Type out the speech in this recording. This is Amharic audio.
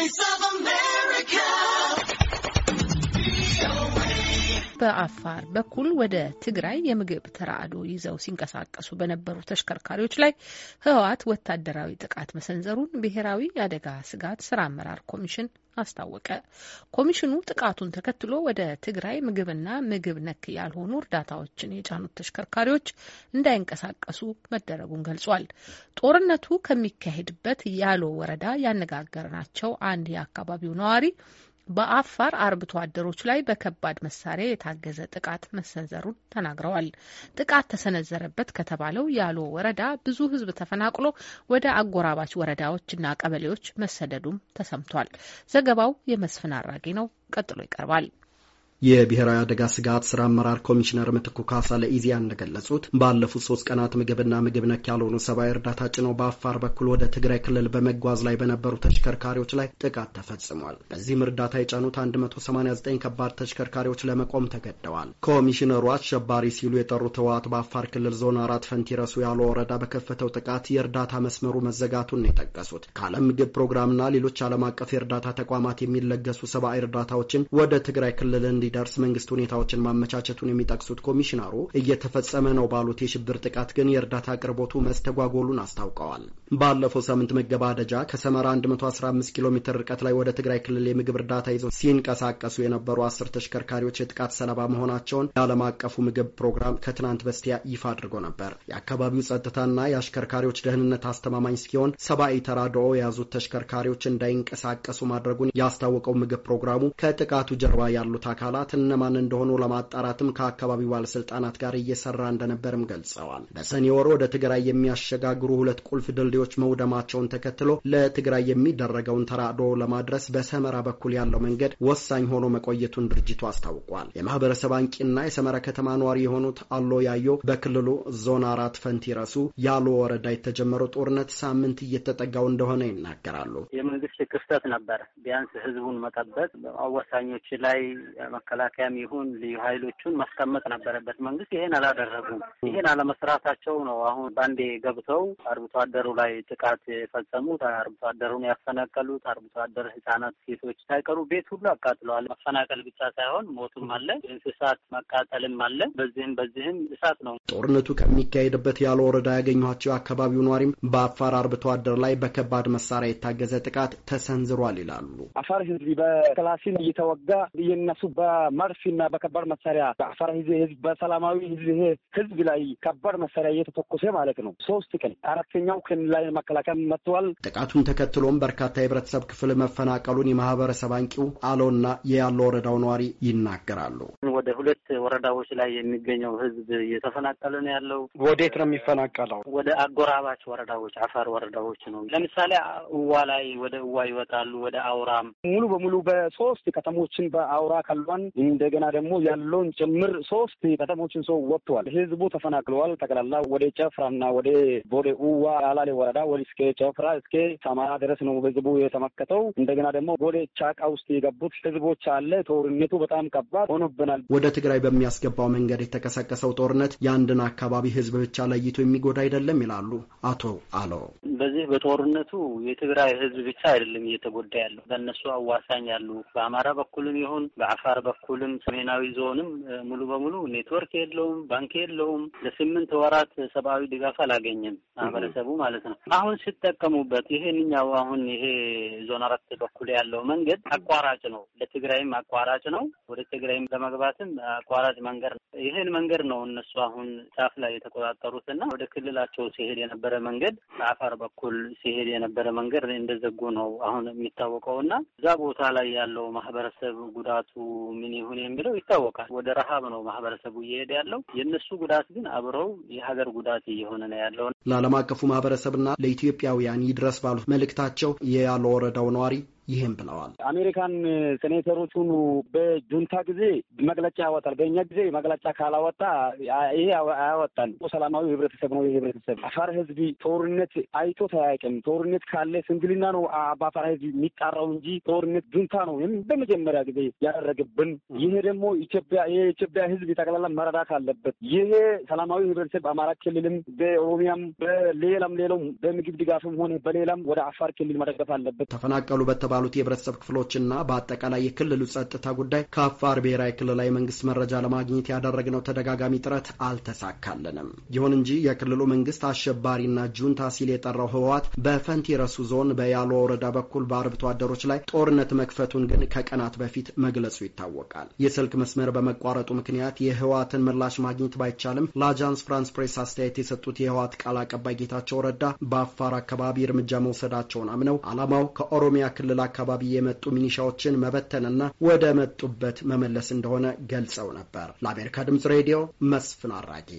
Voice of በአፋር በኩል ወደ ትግራይ የምግብ ተራድኦ ይዘው ሲንቀሳቀሱ በነበሩ ተሽከርካሪዎች ላይ ህወሓት ወታደራዊ ጥቃት መሰንዘሩን ብሔራዊ የአደጋ ስጋት ስራ አመራር ኮሚሽን አስታወቀ። ኮሚሽኑ ጥቃቱን ተከትሎ ወደ ትግራይ ምግብና ምግብ ነክ ያልሆኑ እርዳታዎችን የጫኑት ተሽከርካሪዎች እንዳይንቀሳቀሱ መደረጉን ገልጿል። ጦርነቱ ከሚካሄድበት ያሎ ወረዳ ያነጋገርናቸው አንድ የአካባቢው ነዋሪ በአፋር አርብቶ አደሮች ላይ በከባድ መሳሪያ የታገዘ ጥቃት መሰንዘሩን ተናግረዋል። ጥቃት ተሰነዘረበት ከተባለው ያሎ ወረዳ ብዙ ሕዝብ ተፈናቅሎ ወደ አጎራባች ወረዳዎችና ቀበሌዎች መሰደዱም ተሰምቷል። ዘገባው የመስፍን አራጌ ነው፣ ቀጥሎ ይቀርባል። የብሔራዊ አደጋ ስጋት ስራ አመራር ኮሚሽነር ምትኩ ካሳ ለኢዜአ እንደገለጹት ባለፉት ሶስት ቀናት ምግብና ምግብ ነክ ያልሆኑ ሰብአዊ እርዳታ ጭነው በአፋር በኩል ወደ ትግራይ ክልል በመጓዝ ላይ በነበሩ ተሽከርካሪዎች ላይ ጥቃት ተፈጽሟል። በዚህም እርዳታ የጫኑት 189 ከባድ ተሽከርካሪዎች ለመቆም ተገደዋል። ኮሚሽነሩ አሸባሪ ሲሉ የጠሩት ህወሓት በአፋር ክልል ዞን አራት ፈንቲረሱ ያለ ወረዳ በከፈተው ጥቃት የእርዳታ መስመሩ መዘጋቱን ነው የጠቀሱት። ከዓለም ምግብ ፕሮግራምና ሌሎች ዓለም አቀፍ የእርዳታ ተቋማት የሚለገሱ ሰብአዊ እርዳታዎችን ወደ ትግራይ ክልል እንዲ እንዲደርስ መንግስት ሁኔታዎችን ማመቻቸቱን የሚጠቅሱት ኮሚሽነሩ እየተፈጸመ ነው ባሉት የሽብር ጥቃት ግን የእርዳታ አቅርቦቱ መስተጓጎሉን አስታውቀዋል። ባለፈው ሳምንት መገባደጃ ከሰመራ 115 ኪሎ ሜትር ርቀት ላይ ወደ ትግራይ ክልል የምግብ እርዳታ ይዘው ሲንቀሳቀሱ የነበሩ አስር ተሽከርካሪዎች የጥቃት ሰለባ መሆናቸውን የዓለም አቀፉ ምግብ ፕሮግራም ከትናንት በስቲያ ይፋ አድርጎ ነበር። የአካባቢው ጸጥታና የአሽከርካሪዎች ደህንነት አስተማማኝ ሲሆን ሰብአዊ ተራድኦ የያዙት ተሽከርካሪዎች እንዳይንቀሳቀሱ ማድረጉን ያስታወቀው ምግብ ፕሮግራሙ ከጥቃቱ ጀርባ ያሉት አካላት አባላት እነማን እንደሆኑ ለማጣራትም ከአካባቢው ባለስልጣናት ጋር እየሰራ እንደነበርም ገልጸዋል። በሰኔ ወር ወደ ትግራይ የሚያሸጋግሩ ሁለት ቁልፍ ድልድዮች መውደማቸውን ተከትሎ ለትግራይ የሚደረገውን ተራድኦ ለማድረስ በሰመራ በኩል ያለው መንገድ ወሳኝ ሆኖ መቆየቱን ድርጅቱ አስታውቋል። የማህበረሰብ አንቂና የሰመራ ከተማ ነዋሪ የሆኑት አሎ ያዮ በክልሉ ዞን አራት ፈንቲ ረሱ ያሉ ወረዳ የተጀመረው ጦርነት ሳምንት እየተጠጋው እንደሆነ ይናገራሉ። የመንግስት ክፍተት ነበር። ቢያንስ ህዝቡን መጠበቅ አወሳኞች ላይ መከላከያም ይሁን ልዩ ኃይሎቹን ማስቀመጥ ነበረበት። መንግስት ይሄን አላደረጉም። ይሄን አለመስራታቸው ነው አሁን ባንዴ ገብተው አርብቶ አደሩ ላይ ጥቃት የፈጸሙት፣ አርብቶ አደሩን ያፈናቀሉት፣ አርብቶ አደር ህጻናት፣ ሴቶች ሳይቀሩ ቤት ሁሉ አቃጥለዋል። መፈናቀል ብቻ ሳይሆን ሞቱም አለ፣ እንስሳት መቃጠልም አለ። በዚህም በዚህም እሳት ነው። ጦርነቱ ከሚካሄድበት ያለ ወረዳ ያገኘኋቸው አካባቢው ነዋሪም በአፋር አርብቶ አደር ላይ በከባድ መሳሪያ የታገዘ ጥቃት ተሰንዝሯል ይላሉ። አፋር ህዝብ በክላሲን እየተወጋ እየነሱ በመርፊና በከባድ መሳሪያ በአፋር ህዝብ በሰላማዊ ህዝብ ላይ ከባድ መሳሪያ እየተተኮሰ ማለት ነው። ሶስት ቀን አራተኛው ቀን ላይ መከላከያ መጥተዋል። ጥቃቱን ተከትሎም በርካታ የህብረተሰብ ክፍል መፈናቀሉን የማህበረሰብ አንቂው አለውና የያለው ወረዳው ነዋሪ ይናገራሉ። ወደ ሁለት ወረዳዎች ላይ የሚገኘው ህዝብ እየተፈናቀለ ነው ያለው። ወዴት ነው የሚፈናቀለው? ወደ አጎራባች ወረዳዎች አፋር ወረዳዎች ነው። ለምሳሌ እዋ ላይ ወደ እዋ ይወጣሉ። ወደ አውራም ሙሉ በሙሉ በሶስት ከተሞችን በአውራ ከሏን እንደገና ደግሞ ያለውን ጭምር ሶስት ከተሞችን ሰው ወጥተዋል። ህዝቡ ተፈናቅለዋል። ጠቅላላ ወደ ጨፍራና ወደ ቦሌ ኡዋ አላሌ ወረዳ ወደ እስከ ጨፍራ እስከ ሰማራ ድረስ ነው ህዝቡ የተመከተው። እንደገና ደግሞ ወደ ቻቃ ውስጥ የገቡት ህዝቦች አለ። ጦርነቱ በጣም ከባድ ሆኖብናል። ወደ ትግራይ በሚያስገባው መንገድ የተቀሰቀሰው ጦርነት የአንድን አካባቢ ህዝብ ብቻ ለይቶ የሚጎዳ አይደለም ይላሉ አቶ አለው። በዚህ በጦርነቱ የትግራይ ህዝብ ብቻ አይደለም እየተጎዳ ያለው በእነሱ አዋሳኝ ያሉ በአማራ በኩልም ይሁን በአፋር በኩል በኩልም ሰሜናዊ ዞንም ሙሉ በሙሉ ኔትወርክ የለውም፣ ባንክ የለውም። ለስምንት ወራት ሰብአዊ ድጋፍ አላገኘም ማህበረሰቡ ማለት ነው። አሁን ሲጠቀሙበት ይሄንኛው አሁን ይሄ ዞን አራት በኩል ያለው መንገድ አቋራጭ ነው፣ ለትግራይም አቋራጭ ነው፣ ወደ ትግራይም ለመግባትም አቋራጭ መንገድ ነው። ይሄን መንገድ ነው እነሱ አሁን ጫፍ ላይ የተቆጣጠሩት እና ወደ ክልላቸው ሲሄድ የነበረ መንገድ በአፋር በኩል ሲሄድ የነበረ መንገድ እንደዘጉ ነው አሁን የሚታወቀው እና እዛ ቦታ ላይ ያለው ማህበረሰብ ጉዳቱ ምን ይሁን የሚለው ይታወቃል። ወደ ረሃብ ነው ማህበረሰቡ እየሄደ ያለው። የእነሱ ጉዳት ግን አብረው የሀገር ጉዳት እየሆነ ነው ያለው። ለዓለም አቀፉ ማህበረሰብና ለኢትዮጵያውያን ይድረስ ባሉት መልእክታቸው የያለ ወረዳው ነዋሪ ይህም ብለዋል። አሜሪካን ሴኔተሮች ሁሉ በጁንታ ጊዜ መግለጫ ያወጣል። በእኛ ጊዜ መግለጫ ካላወጣ ይሄ አያወጣን። ሰላማዊ ህብረተሰብ ነው። ይህ ህብረተሰብ አፋር ህዝብ ጦርነት አይቶ ተያያቅም። ጦርነት ካለ ስንግልና ነው በአፋር ህዝብ የሚጣራው እንጂ ጦርነት ጁንታ ነው ይህም በመጀመሪያ ጊዜ ያደረግብን። ይሄ ደግሞ የኢትዮጵያ ህዝብ ጠቅላላ መረዳት አለበት። ይሄ ሰላማዊ ህብረተሰብ በአማራ ክልልም በኦሮሚያም በሌላም ሌላው በምግብ ድጋፍም ሆነ በሌላም ወደ አፋር ክልል መደገፍ አለበት። ተፈናቀሉ በተባ የተጣሉት የህብረተሰብ ክፍሎችና በአጠቃላይ የክልሉ ጸጥታ ጉዳይ ከአፋር ብሔራዊ ክልላዊ መንግስት መረጃ ለማግኘት ያደረግነው ተደጋጋሚ ጥረት አልተሳካልንም። ይሁን እንጂ የክልሉ መንግስት አሸባሪና ጁንታ ሲል የጠራው ህወሓት በፈንቲ ረሱ ዞን በያሎ ወረዳ በኩል በአርብቶ አደሮች ላይ ጦርነት መክፈቱን ግን ከቀናት በፊት መግለጹ ይታወቃል። የስልክ መስመር በመቋረጡ ምክንያት የህወሓትን ምላሽ ማግኘት ባይቻልም ለአጃንስ ፍራንስ ፕሬስ አስተያየት የሰጡት የህወሓት ቃል አቀባይ ጌታቸው ረዳ በአፋር አካባቢ እርምጃ መውሰዳቸውን አምነው አላማው ከኦሮሚያ ክልል አካባቢ የመጡ ሚኒሻዎችን መበተንና ወደ መጡበት መመለስ እንደሆነ ገልጸው ነበር። ለአሜሪካ ድምጽ ሬዲዮ መስፍን አራጌ